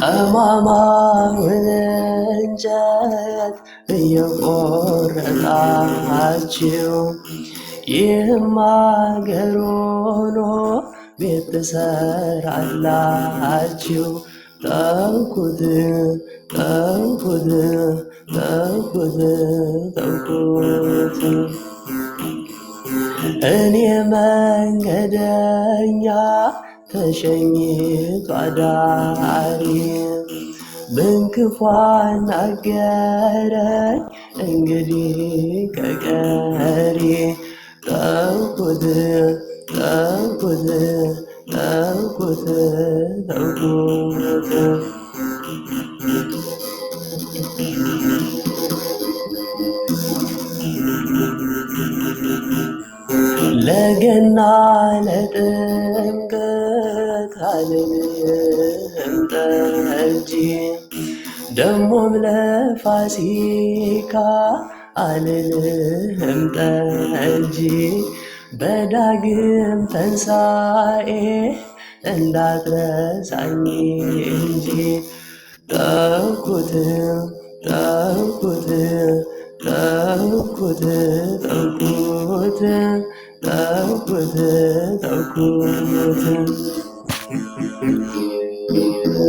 ጠማማውን እንጨት እየቆረጣችሁ ይህም አገር ሆኖ ቤት ትሰራላችሁ። ጠንኩት ጠንኩት ጠንኩት ጠንኩት እኔ መንገደኛ ተሸኝ አዳሪ ብንክፏን አገረኝ እንግዲህ ከቀሪ ተውኩት ተውኩት ተውኩት ተውኩት ለገና ለጥምቀት አልልም ጠጅ ደግሞም ለፋሲካ አልልም ጠጅ በዳግም ተንሳኤ እንዳትረሳኝ እንጂ ጠብኩት ጠብኩት ጠብኩት ጠብኩት with தகுது it.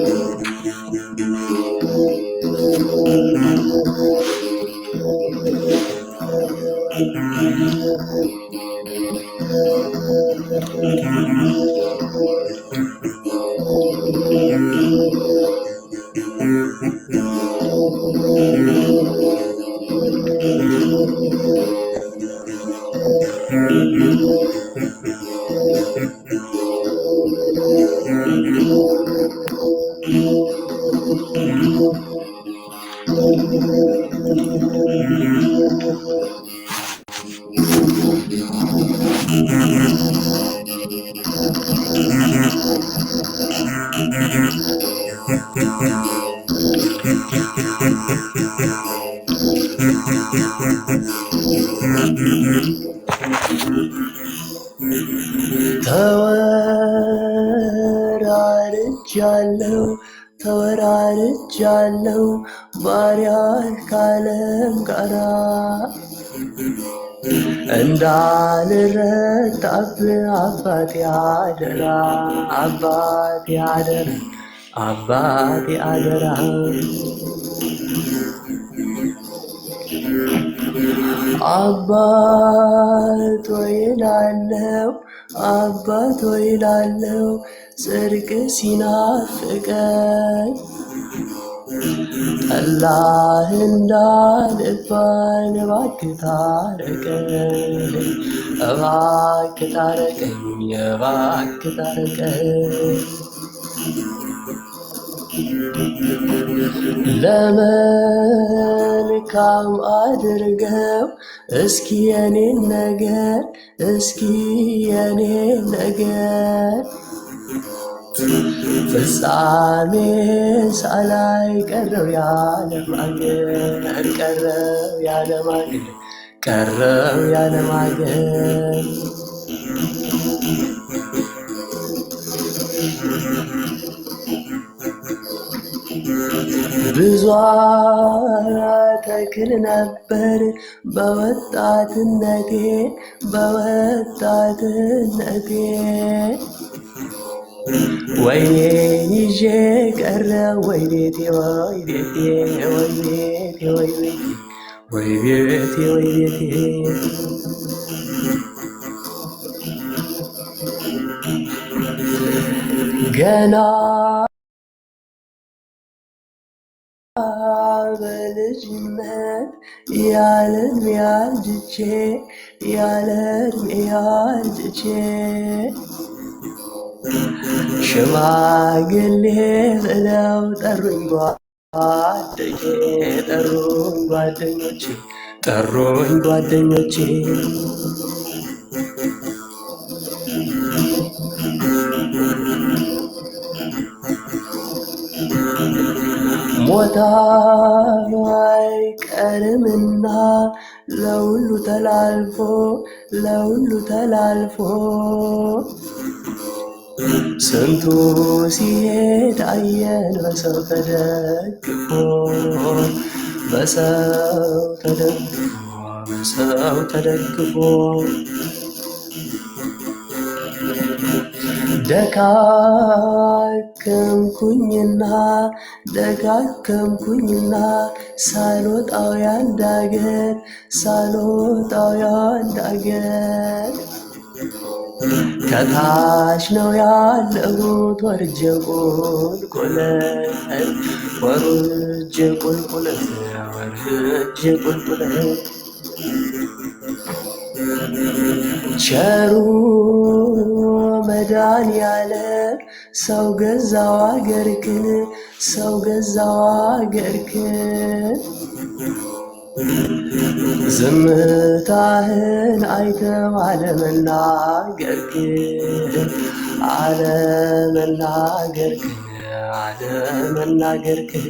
Thank it. ተወራርጃለው ባሪያ ካለም ጋራ እንዳልረታብ አባት አደራ አባት አደራ አባት አደራ አባት ወይናለው አባቶ ይላለው ጽድቅ ሲናፍቀን ጠላህ እንዳልባን እባክህ ታረቀኝ፣ እባክህ ታረቀኝ፣ እባክህ ታረቀኝ። መልካም አድርገው እስኪ የኔን ነገር እስኪ የኔን ነገር ፍጻሜ ሳላይ ቀረው ያለማገር ቀረው ያለማገር ቀረው ያለማገር ብዙ ተክል ነበር በወጣትነቴ በወጣትነቴ ወይኔ ይዤ ቀረ ወይ ቤቴ ወይ ቤቴ ወይ ቤቴ ወይ ቤቴ ገና ልጅነት ያለ እድሜ አርጅቼ ያለ እድሜ አርጅቼ ሽማግሌ ብለው ጠሩኝ ጓደኞቼ ጠሩኝ ጓደኞቼ ጠሩኝ ጓደኞቼ ይሞታል አይቀርምና ለሁሉ ተላልፎ ለሁሉ ተላልፎ ስንቱ ሲሄድ አየን በሰው ተደግፎ በሰው ተደግፎ በሰው ተደግፎ ደካከምኩኝና ደጋከምኩኝና ሳልወጣው ያንድ አገር ሳልወጣው ያንድ አገር ከታች ነው ያለሁት ወርጀ ቁልቁለት ወርጀ ቁልቁለት ወርጀ ቁልቁለት ቸሩ መዳን ያለ ሰው ገዛው አገርክን ሰው ገዛው አገርክን ዝምታህን አይተው አለመናገርክን አለመናገርክን አለመናገርክን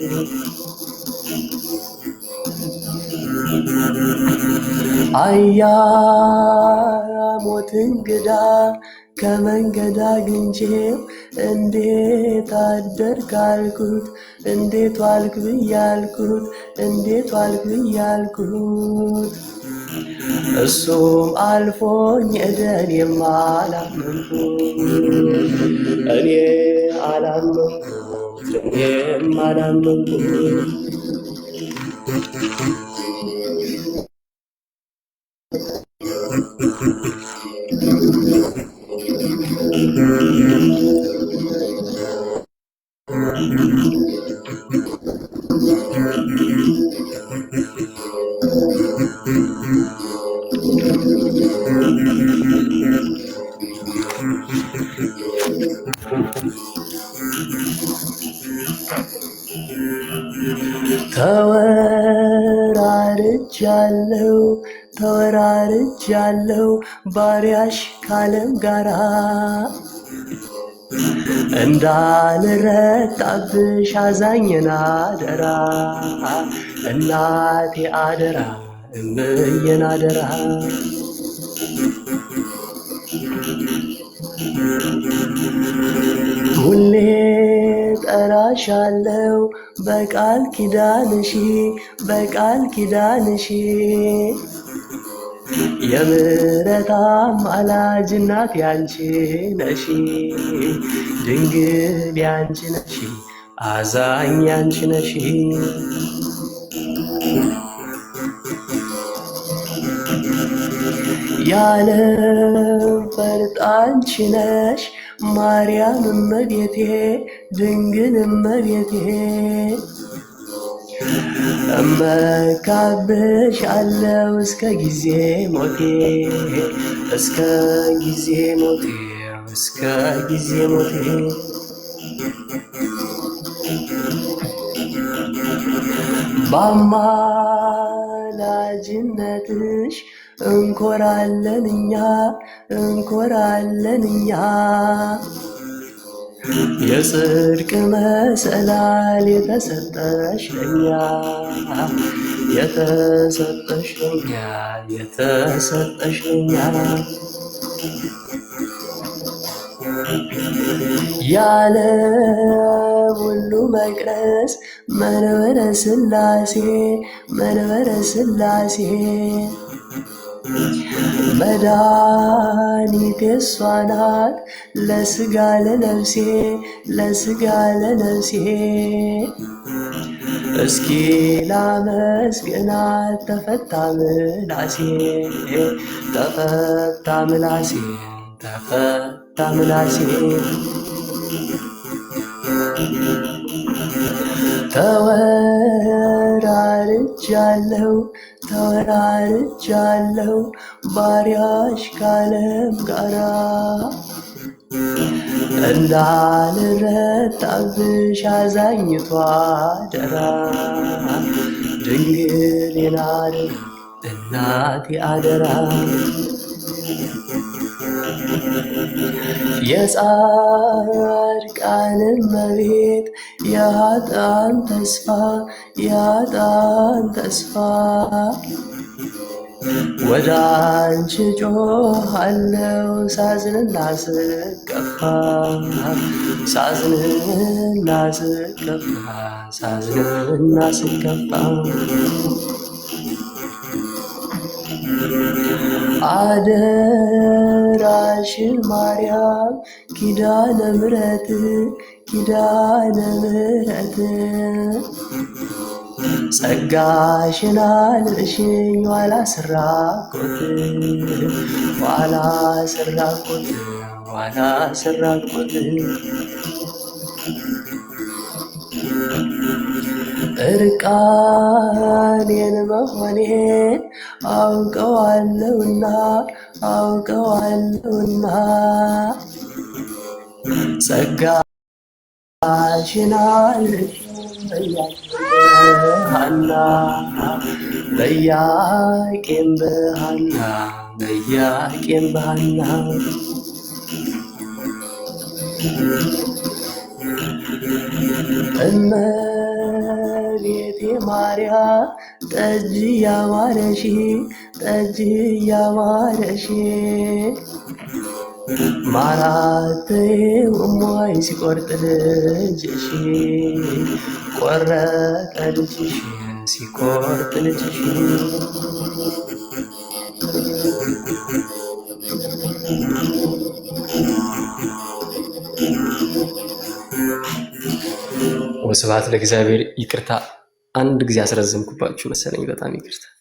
አያ ሞት እንግዳ ከመንገድ አግኝቼው እንዴት አደርግ አልኩት፣ እንዴት ዋልክ ብያልኩት፣ እንዴት ዋልክ ብያልኩት። እሱም አልፎኝ እደን የማላመንኩት እኔ አላመንኩት እኔ አላመንኩት Tavır ያለው ባሪያሽ ካለም ጋራ እንዳልረታብሽ አዛኝና አደራ እናቴ አደራ እምዬን አደራ ሁሌ ጠራሻለው በቃል ኪዳንሺ በቃል ኪዳንሺ የምሕረት አማላጅ እናት ያንቺ ነሽ፣ ድንግል ያንቺ ነሽ፣ አዛኝ ያንቺ ነሽ። ያለ ፈርጥ አንቺ ነሽ ማርያም እመቤቴ ድንግል እመቤቴ እመካብሽ አለው እስከ ጊዜ ሞቴ እስከ ጊዜ ሞቴ እስከ ጊዜ ሞቴ በአማላጅነትሽ እንኮራለን እኛ እንኮራለን እኛ የጽድቅ መሰላል የተሰጠሽኛ የተሰጠሽኛ የተሰጠሽኛ ያለ ሁሉ መቅረስ መንበረ ስላሴ መንበረ ስላሴ መድኃኒቴ እሷ ናት ለስጋ ለነፍሴ ለስጋ ለነፍሴ እስኪ ላመስግናት ተፈታ ምላሴ ተፈታ ምላሴ ተፈታ ምላሴ ተወራርጃለሁ ተራርቻለሁ ባሪያሽ ካለም ጋራ እንዳልረታብሽ አዛኝቷ ደራ ድንግል ናር እናቴ አደራ የጻድቃንን መቤት የኃጥአን ተስፋ የኃጥአን ተስፋ ወደ አንቺ ጮኻለው ሳዝንና ስከፋ ሳዝንና ስከፋ ሳዝንና ስከፋ አደ ምራሽ ማርያም ኪዳነ ምሕረት ኪዳነ ምሕረት ጸጋሽን አልብሽኝ ዋላ ስራኩት ዋላ ስራኩት ዋላ ኮት እርቃኔን መሆኔን አውቀዋለሁና አውቀዋለሁና ጸጋሽናል በያና በያቄም በሃና በያቄም በሃና እመቤቴ ማርያም ጠጅ ያማረሽ ጠጅ ያማረሽ ማራት እሟይ ሲቆርጥ ልጅሽ ቆረጠ ልጅሽ ሲቆርጥ ልጅሽ ወስብሐት ለእግዚአብሔር። ይቅርታ አንድ ጊዜ አስረዘምኩባችሁ መሰለኝ። በጣም ይቅርታ።